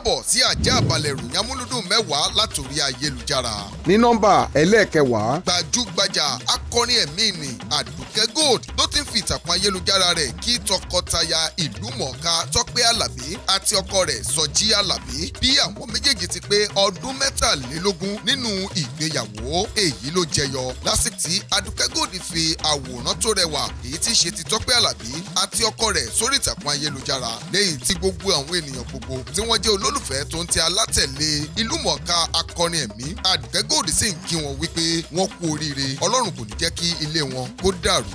káàbọ̀ sí àjẹ́ àbálẹ̀ ìròyìn amúlùdùn mẹ́wàá látòrí ayélujára. ní nọ́mbà ẹlẹ́ẹ̀kẹwàá. gbajúgbajà akọrin ẹ̀mí ni Àdùkẹ́ Gold ló ti ń fi ìtàkùn ayélujára rẹ̀ kí tọkọtaya ìlú mọ̀ọ́ká tọ́pẹ́ àlàbí àti ọkọ rẹ̀ sọjí àlàbí bí àwọn méjèèjì ti pé ọdún mẹ́tàlélógún nínú ìgbéyàwó èyí ló jẹyọ lásìkò tí adúkẹ́ gòdì fi àwòrán tó rẹwà èyí tí ṣe ti tọ́pẹ́ àlàbí àti ọkọ rẹ̀ sórí ìtàkùn ayélujára lẹ́yìn tí gbogbo àwọn ènìyàn gbogbo tí wọ́n jẹ́ olólùfẹ́ tó ń ti alátẹ̀lé ìlú mọ̀ọ́ká akọrin ẹ̀mí adúkẹ́ gòdì sì ń kí wọn wípé wọ́n kú oríire ọlọ́run kò ní jẹ́ kí ilé wọn kó dàrú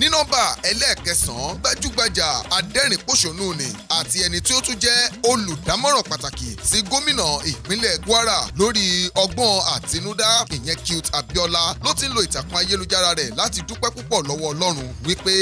ní nọ́mbà ẹlẹ́ẹ̀kẹsàn-án gbajúgbajà adẹ́rìn-pọ̀ṣọ́nù ni àti ẹni tí ó tún jẹ́ olùdámọ̀ràn pàtàkì sí gómìnà ìpínlẹ̀ Kwara lórí ọgbọ́n àtinúdá ìyẹn Cute Abiola ló ti ń lo ìtàkùn ayélujára rẹ̀ láti dúpẹ́ púpọ̀ lọ́wọ́ Ọlọ́run wípé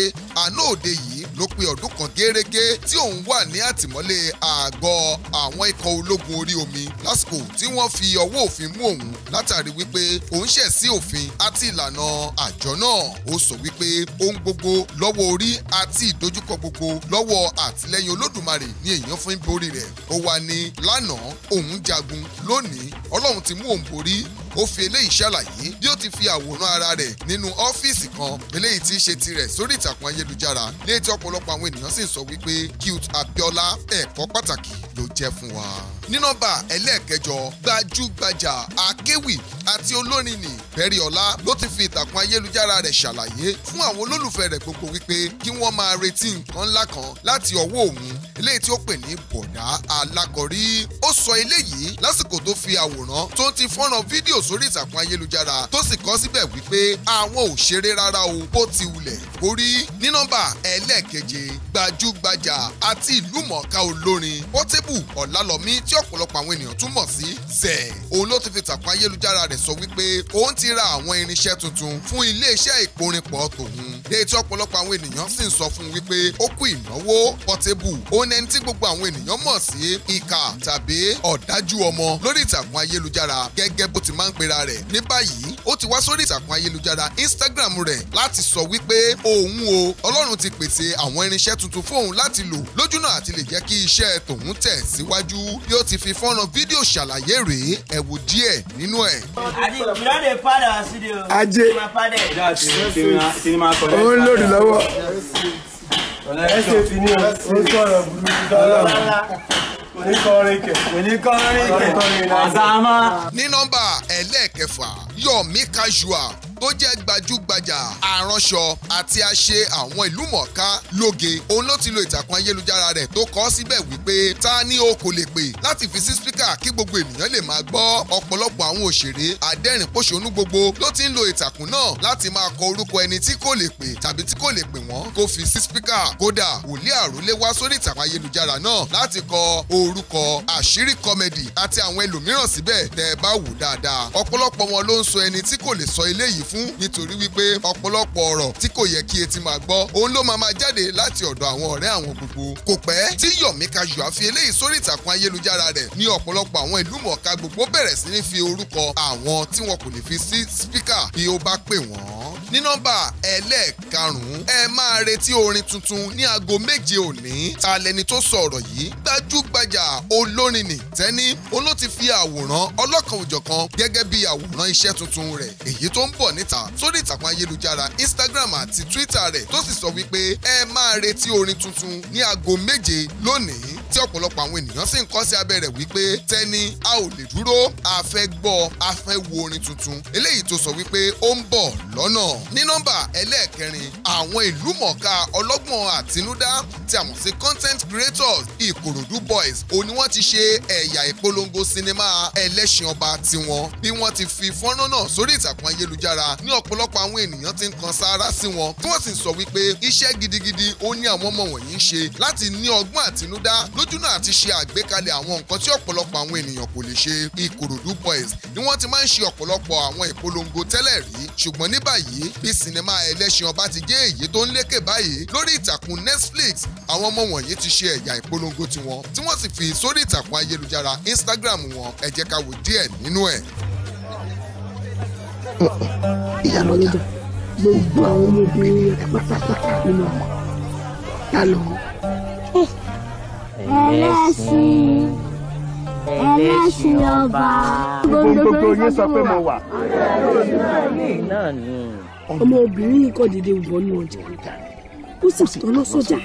àná òde yìí ló pé ọdún kan gẹ́rẹ́gẹ́ tí òun wà ní àtìmọ́lé àgọ́ àwọn ikọ̀ ológun orí omi lásìkò tí wọ́n fi ọwọ́ òfin mú òun látàrí wípé òun ṣẹ̀ sí òfin àti ìlànà àjọ náà ó sọ wípé ohun gbogbo lọ́wọ́ orí àti ìdojúkọ gbogbo lọ́wọ́ àtìlẹ́yìn olódùmarè ni èèyàn fún borí rẹ̀ ó wà ní lánàá òun jagun lónìí ọlọ́run ti mú òun borí ó fi eléyìí ṣàlàyé bí ó ti fi àwòrán ara rẹ̀ nínú ọ́fíìsì kan eléyìí tí í ṣe tirẹ̀ sórí ìtàkùn ayélujára léyìí tí ọ̀pọ̀lọpọ̀ àwọn ènìyàn sì ń sọ wípé cute Abiola ẹ̀kọ́ pàtàkì ló jẹ́ fún wa ní nọ́mbà ẹlẹ́ẹ̀kẹjọ gbajúgbajà akéwì àti olórin ní Bẹ̀ríọlá ló ti fi ìtàkùn ayélujára rẹ̀ ṣàlàyé fún àwọn olólùfẹ́ rẹ̀ gbogbo wípé kí wọ́n máa retí nǹkan ńlá kan láti ọwọ́ òun eléyìí tí ó pè ní bọ̀dá alákọ̀rí ó sọ eléyìí lásìkò tó fi àwòrán tó ti fọ́nrán fídíò sórí ìtàkùn ayélujára tó sì kọ́ síbẹ̀ wípé àwọn ò ṣeré rárá o bó ti wulẹ̀ borí ní nọ́mbà ẹlẹ́ẹ̀keje gbajúgbajà àti ìlúmọ̀ọ́ká olórin Portable Ọ̀làlọ́mí tí ó ọ̀pọ̀lọpọ̀ àwọn ènìyàn tún mọ̀ sí zẹ̀ òun ló ti fi tàkùn ayélujára rẹ̀ sọ wípé òun ti ra àwọn irinṣẹ́ tuntun fún iléeṣẹ́ ìporinpọ̀ tòun déètì ọ̀pọ̀lọpọ̀ àwọn ènìyàn sì ń sọ fún wípé ó kú ìnáwó pọ́tébù òun ẹni tí gbogbo àwọn ènìyàn mọ̀ sí ìkà tàbí ọ̀dájú ọmọ lórí ìtàkùn ayélujára gẹ́gẹ́ bó ti máa ń pera rẹ̀ ní báyìí ó ti wá sórí ìtàkùn Instagram rẹ̀ láti sọ o Ọlọ́run ti pèsè àwọn irinṣẹ́ tuntun fóun láti lò lójúnà àti lè jẹ́ kí iṣẹ́ tòun tẹ̀ tó ti fi fọ́nrán fídíò ṣàlàyé rèé ẹ díẹ̀ nínú ẹ̀. ajé ó ń lòdì lọ́wọ́ ẹsẹ̀ ti ní o sọ̀rọ̀ burúkú dọ́là oníkọrin kẹ oníkọrin kẹ ọ̀sán máa. ní nọ́mbà ẹlẹ́ẹ̀kẹfà Yọ̀mí Casual ó jẹ́ gbajúgbajà aránṣọ àti aṣe àwọn ìlú mọ̀ọ́ká lóge òun ló ti lo ìtàkùn ayélujára rẹ̀ tó kọ síbẹ̀ wípé ta ni o kò lè pè láti fi sí spíkà kí gbogbo ènìyàn lè máa gbọ́ ọ̀pọ̀lọpọ̀ àwọn òṣèré adẹ́rìn-pòṣónú gbogbo ló ti ń lo ìtàkùn náà láti máa kọ orúkọ ẹni tí kò lè pè tàbí tí kò lè pè wọ́n kó fi sí spíkà kódà wòlíì àrólé wá sórí ìtàkùn ayélujára náà láti kọ orúkọ àṣírí kọ́mẹ́dì àti àwọn ẹlòmíràn síbẹ̀ tẹ́ ẹ bá wò dáadáa ọ̀pọ̀lọpọ̀ wọn ló ń sọ ẹni tí kò lè sọ eléyìí fún nítorí wípé ọ̀pọ̀lọpọ̀ ọ̀rọ̀ tí kò yẹ kí etí máa gbọ́ òun ló máa máa jáde láti ọ̀dọ̀ àwọn ọ̀rẹ́ àwọn gbogbo kò pẹ́ tí Yọ̀mí Kajùà fi eléyìí sórí ìtàkùn ayélujára rẹ̀ ní ọ̀pọ̀lọpọ̀ àwọn ìlúmọ̀ọ́ká gbogbo bẹ̀rẹ̀ sí ní fi orúkọ àwọn tí wọn kò ní fi sí spíkà bí ó bá pè wọ́n ní nọ́mbà ẹlẹ́ẹ̀karùn-ún ẹ máa retí orin tuntun ní aago méje òní ta lẹni tó sọ ọ̀rọ̀ yìí gbajúgbajà olórin ní tẹ́ni òun ló ti fi àwòrán ọlọ́kan òjọ̀kan gẹ́gẹ́ bí àwòrán iṣẹ́ tuntun rẹ̀ èyí tó ń bọ̀ níta sórí ìtàkùn ayélujára Instagram àti Twitter rẹ̀ tó sì sọ wípé ẹ máa retí orin tuntun ní aago méje lónìí tí ọ̀pọ̀lọpọ̀ àwọn ènìyàn sì ń kọ sí abẹ́ rẹ̀ wípé tẹ́ni a ò lè dúró a fẹ́ gbọ́ a fẹ́ wo orin tuntun eléyìí tó sọ wípé ó ń bọ̀ lọ́nà. ní nọ́mbà ẹlẹ́ẹ̀kẹrin àwọn ìlú mọ̀ọ́ká ọlọ́gbọ̀n àtinúdá tí a mọ̀ sí content creators ìkòròdú boys òní wọ́n ti ṣe ẹ̀yà ìpolongo sinimá ẹlẹ́ṣin ọba tiwọn bí wọ́n ti fi fọ́nrán náà sórí ìtàkùn ayélujára ní ọ̀pọ̀lọpọ̀ àwọn ènìyàn ti ń kan sáárá sí wọn tí wọ́n sì sọ wípé iṣẹ́ gidigidi ó ní àwọn ọmọ wọ̀nyí ń ṣe láti ní ọgbọ́n àtinúdá ló lójúnà àti ṣe àgbékalẹ̀ àwọn nǹkan tí ọ̀pọ̀lọpọ̀ àwọn ènìyàn kò lè ṣe Ìkòròdú boys ni wọ́n ti máa ń ṣe ọ̀pọ̀lọpọ̀ àwọn ìpolongo tẹ́lẹ̀ rí ṣùgbọ́n ní báyìí bí sinimá ẹlẹ́ṣin ọba ti jẹ́ èyí tó ń lékè báyìí lórí ìtàkùn Netflix àwọn ọmọ wọ̀nyí ti ṣe ẹ̀yà ìpolongo tiwọn tí wọ́n sì fi sórí ìtàkùn ayélujára Instagram wọn ẹ jẹ́ ká wò díẹ̀ nínú ẹ̀. ìyàlọ́jà gbogbo àwọn ọmọbìnrin rẹ̀ pátápátá nínú ọmọ ta ló ń ẹlẹ́sìn ẹlẹ́sìn ọba. gbogbo yín sọ pé mo wà. ọmọbìnrin yìí kọ́ dédé wọnú ọjà ó sì tọ́nà sọ́jà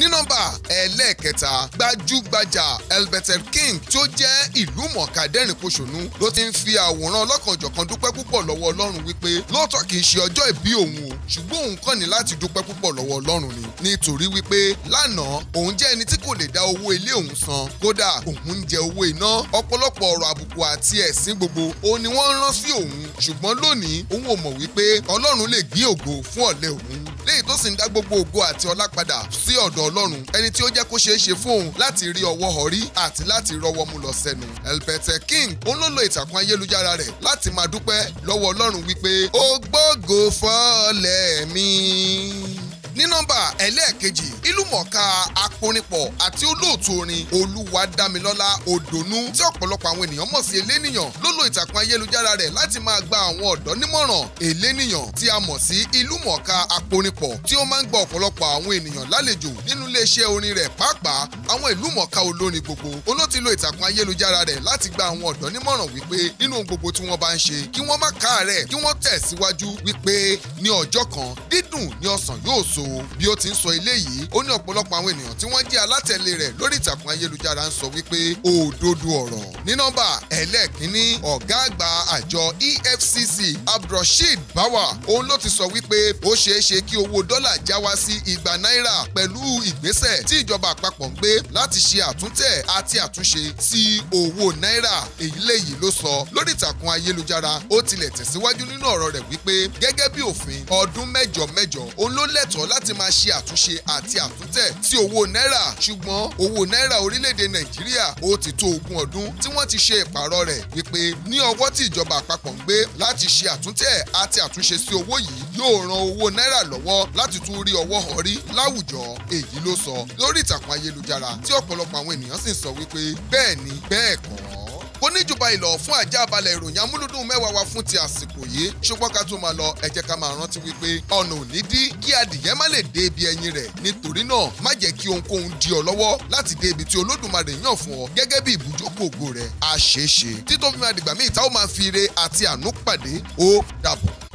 ní nọ́mbà ẹlẹ́ẹ̀kẹta gbajúgbajà Elbethel King tí ó jẹ́ ìlú mọ̀ọ́ká dẹ́rìn-pọ̀ṣọ́nù ló ti ń fi àwòrán ọlọ́kanjọ̀kan dúpẹ́ púpọ̀ lọ́wọ́ Ọlọ́run wípé lóòótọ́ kì í ṣe ọjọ́ ìbí òun o ṣùgbọ́n òun kàn ní láti dúpẹ́ púpọ̀ lọ́wọ́ Ọlọ́run ni nítorí wípé lánàá òun jẹ́ ẹni tí kò lè dá owó ilé òun san kódà òun ń jẹ owó iná ọ̀pọ̀lọpọ̀ ọ̀rọ̀ àbùkù àti ẹ̀sín gbogbo òun ni wọ́n rán sí òun ṣùgbọ́n lónìí òun ò mọ̀ wípé ọlọ́run lè gbé ògo fún ọ̀lẹ òun léyìí tó sì ń dá gbogbo ògo àti ọlá padà sí ọ̀dọ̀ ọlọ́run ẹni tí ó jẹ́ kó ṣeé ṣe fún òun láti rí ọwọ́ ọ̀rí àti láti rọwọ́ mu lọ sẹ́nu elbete king òun ló lo ìtàkùn ayélujára rẹ̀ láti máa dúpẹ́ lọ́wọ́ ọlọ́run wípé ó gbógo fọ́ọ̀lẹ̀ mi ní nọ́mbà ẹlẹ́ẹ̀kejì ìlúmọ̀ọ́ká akórinpọ̀ àti olóòtú orin olúwadámilọ́lá òdònú tí ọ̀pọ̀lọpọ̀ àwọn ènìyàn mọ̀ sí eléníyàn ló lo ìtàkùn ayélujára rẹ̀ láti máa gba àwọn ọ̀dọ́ nímọ̀ràn eléníyàn tí a mọ̀ sí ìlúmọ̀ọ́ká akórinpọ̀ tí ó máa ń gba ọ̀pọ̀lọpọ̀ àwọn ènìyàn lálejò nínú iléeṣẹ́ orin rẹ̀ pàápàá àwọn ìlúmọ̀ọ́ká olórin gbogbo olóòtú lo ìtàkùn ayélujára rẹ̀ láti gba àwọn ọ̀dọ́ nímọ̀ràn wípé nínú ohun gbogbo tí wọ́n bá ń ṣe kí wọ́n má káàárẹ̀ kí wọ́n tẹ̀síwájú wípé ní ọjọ́ kan dídùn ni ọsàn yóò so ètò bí ó ti ń sọ eléyìí ó ní ọ̀pọ̀lọpọ̀ àwọn ènìyàn tí wọ́n jẹ́ alátẹ̀lé rẹ̀ lórí ìtàkùn ayélujára ń sọ wípé òdodo ọ̀rọ̀ ní nọ́mbà ẹlẹ́ẹ̀kínní ọ̀gá àgbà àjọ EFCC Abdulrasheed Bawa òun ló ti sọ wípé ó ṣeé ṣe kí owó dọ́là já wá sí igba náírà pẹ̀lú ìgbésẹ̀ tí ìjọba àpapọ̀ ń gbé láti ṣe àtúntẹ̀ àti àtúnṣe sí owó náírà èyí léyìí ló sọ lórí ìtàkùn ayélujára ó tilẹ̀ tẹ̀síwájú nínú ọ̀rọ̀ rẹ̀ wípé gẹ́gẹ́ bí òfin ọdún mẹ́jọ mẹ́jọ òun ló lẹ́tọ̀ọ́ láti máa ṣe àtúnṣe àti àtúntẹ̀ sí owó náírà ṣùgbọ́n owó náírà orílẹ̀-èdè nàìjíríà ó ti tó ogún ọdún tí wọ́n ti ṣe ìpààrọ̀ rẹ̀ wípé ní ọwọ́ tí ìjọba àpapọ̀ ń gbé láti ṣe àtúntẹ̀ àti àtúnṣe sí owó yìí yóò ran owó náírà lọ́wọ́ láti tún rí ọwọ́ hàn rí láwùjọ èyí ló sọ lórí ìtàkùn ayélujára tí ọ̀pọ̀lọpọ̀ àwọn ènìyàn sì ń sọ wípé bẹ́ẹ̀ ni bẹ́ẹ̀ kọ́ kò ní jù báyìí lọ fún àjàbalẹ̀ ìròyìn amúlùdùn mẹ́wàá wa fún ti àsìkò yìí ṣùgbọ́n ká tó máa lọ ẹ jẹ́ ká máa rántí wípé ọ̀nà ò ní dí kí adìyẹ má lè dé ibi ẹyin rẹ̀ nítorí náà má jẹ́ kí ohunkóhun di ọ lọ́wọ́ láti dé ibi tí olódùmarè yàn fún ọ gẹ́gẹ́ bí ibùjókòó ògo rẹ̀ àṣeéṣe títọ́ fi máa dìgbà míì tá ó máa fi ire àti àánú pàdé ó dàbọ̀.